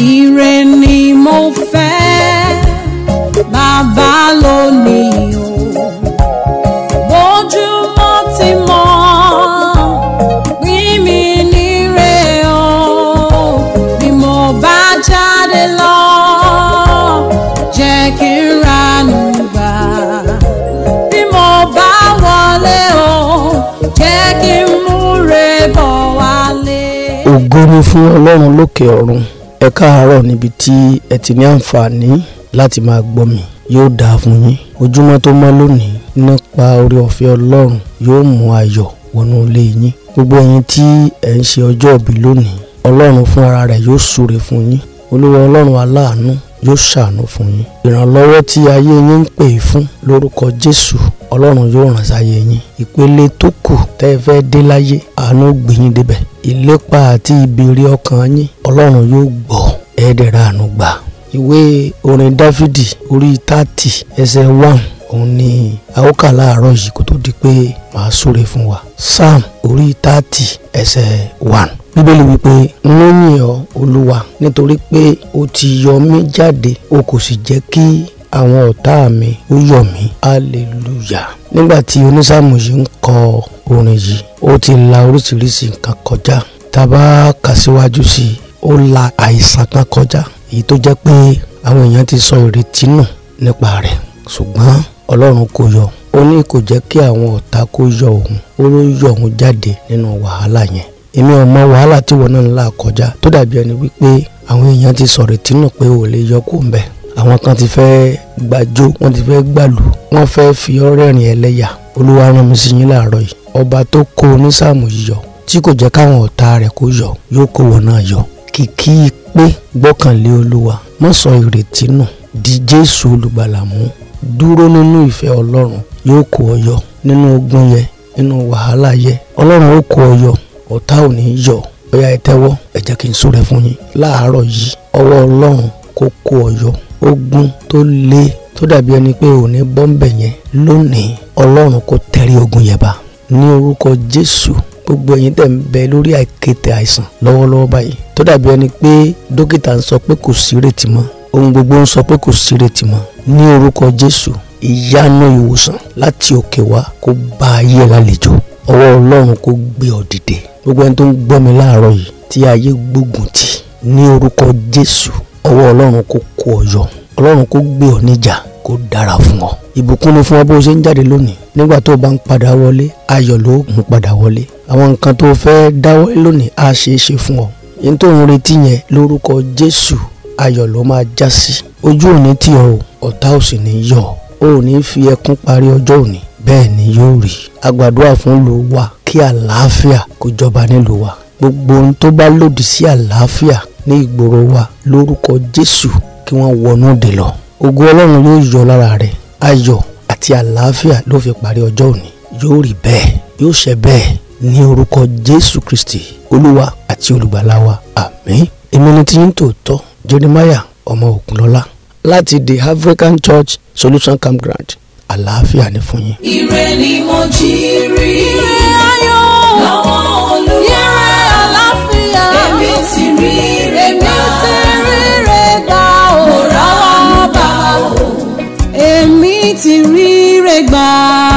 Ire ni mo fẹ́ bàbá lónìí o. Bójúmọ́ ti mọ́ pín mi níre o. Bí mo bá jáde lọ, jẹ́ kí n ranú gbà. Bí mo bá wọlé o, jẹ́ kí n múre bọ̀ wálé. Ògo ni fún Ọlọ́run lókè ọ̀run ẹ káàárọ̀ níbi tí ẹ ti ní àǹfààní láti máa gbọ́ mi yóò dáa fún yín ojúmọ́ tó mọ́ lónìí nípa orí ọ̀fẹ́ ọlọ́run yóò mú ayọ̀ wọnú ilé yín gbogbo ẹ̀yin tí ẹ ń ṣe ọjọ́ òbí lónìí ọlọ́run fún ara rẹ̀ yóò súre fún yín olúwa ọlọ́run aláàánú yóò ṣàánú fún yín ìrànlọ́wọ́ tí ayé yín ń pè fún lórúkọ jésù ọlọ́run yóò ràn sáyé yín ìpele tó kù tẹ́ fẹ́ dé láyé àánú gbìyìn débẹ̀ ìlépa àti ìbèrè ọkàn yín ọlọ́run yóò gbọ́ ẹ̀ẹ́dẹ̀rẹ̀ àánú gbà. ìwé orin dáfídì orí tààtì ẹsẹ̀ one òun ni àwòkà láàárọ̀ yìí kó tó di pé màá súre fún wa psalm orí tààtì ẹsẹ̀ one bíbélì wípé lóyìn ọ olúwa nítorí pé o ti yọ mí jáde o kò sì jẹ́ kí àwọn ọ̀tá mi ó yọ̀ mí hallelujah nígbà tí onísàmù yìí ń kọ orin yìí ó ti la oríṣiríṣi nǹkan kọjá tá a bá kà síwájú sí i ó la àìsàn kan kọjá èyí tó jẹ́ pé àwọn èèyàn ti sọ ìrètí nù nípa rẹ̀ ṣùgbọ́n ọlọ́run kò yọ ó ní kò jẹ́ kí àwọn ọ̀tá kó yọ òun ó ló yọ òun jáde nínú wàhálà yẹn èmi ò mọ wàhálà tí wọn náà là kọjá tó dàbí ẹni wípé àwọn èèyàn ti sọ ìrètí nù pé ò lè yọ kó ń bẹ̀ àwọn kan ti fẹ́ gbàjó wọ́n ti fẹ́ gbàlù wọ́n fẹ́ fi ọ́ rẹ́rìn ẹlẹ́yà olúwa rán mi sí yín láàárọ̀ yìí ọba tó kó onísàmù yọ tí kò jẹ́ káwọn ọ̀tá rẹ̀ kó yọ yóò kó wọn náà yọ kìkì pé gbọ́kànlé olúwa má sọ ìrètí nù di jésù olùgbàlà mú dúró nínú ìfẹ́ ọlọ́run yóò kó ọ yọ nínú ogun yẹ nínú wàhálà yẹ ọlọ́run ó kó ọ yọ ọ̀tá ò ní yọ bóyá ẹ tẹ́wọ́ ẹ jẹ́ kí n fún yín láàárọ̀ yìí ọwọ́ ọlọ́run kó kó ọ yọ ogun tó le tó dàbí ẹni pé ò ní bọ́m̀bẹ̀ yẹn lónìí ọlọ́run kò tẹrí ogun yẹn bá ní orúkọ jésù gbogbo ẹ̀yin tẹ̀ ń bẹ lórí àìkété àìsàn lọ́wọ́lọ́wọ́ báyìí tó dàbí ẹni pé dókítà ń sọ pé kò sírètí mọ́ ohun gbogbo ń sọ pé kò sírètí mọ́ ní orúkọ jésù ìyanu ìwòsàn láti òkè wá kó bá ayé lálejò ọwọ́ ọlọ́run kó gbé ọ dìde gbogbo ẹni tó ń gbọ́ mi láàárọ̀ yìí tí ayé gbógun tì ní orúkọ jésù ọwọ́ ọlọ́run kó kó ọ yọ ọlọ́run kó gbé ọ níjà kó dára fún ọ ìbùkún ni fún ọ bó ṣe ń jáde lónìí nígbà tó o bá ń padà wọlé ayọ̀ ló mú padà wọlé àwọn nǹkan tó o fẹ́ dáwọ́ lónìí á ṣe é ṣe fún ọ yín tó ń retí yẹn lórúkọ Jésù ayọ̀ ló máa já sí ojú òní tì ọ́ ọ̀tá ò sì ní yọ̀ ọ́ ò ní fi ẹkún parí ọjọ́ òní bẹ́ẹ̀ ni yóò rí agbàdúrà fún ló wà kí àlàáfíà kó jọba nílùú wa gbogbo ohun tó bá lòdì sí àlàáfíà ní ìgboro wa lórúkọ Jésù kí wọ́n wọnú òde lọ ògo ọlọ́run yóò yọ lára rẹ ayọ̀ àti àlàáfíà ló fi parí ọjọ́ òní yóò rí bẹ́ẹ̀ yóò ṣe bẹ́ẹ̀ ní orúkọ jésù kristi olúwa àti olùgbàlà wa àmín èmi ni tí yín tòótọ́ jeremiah ọmọ òkunlọ́lá láti the african church solution campground àlàáfíà ni fún yín. ire ni mo jí rí ayọ̀. ti ríre gbà.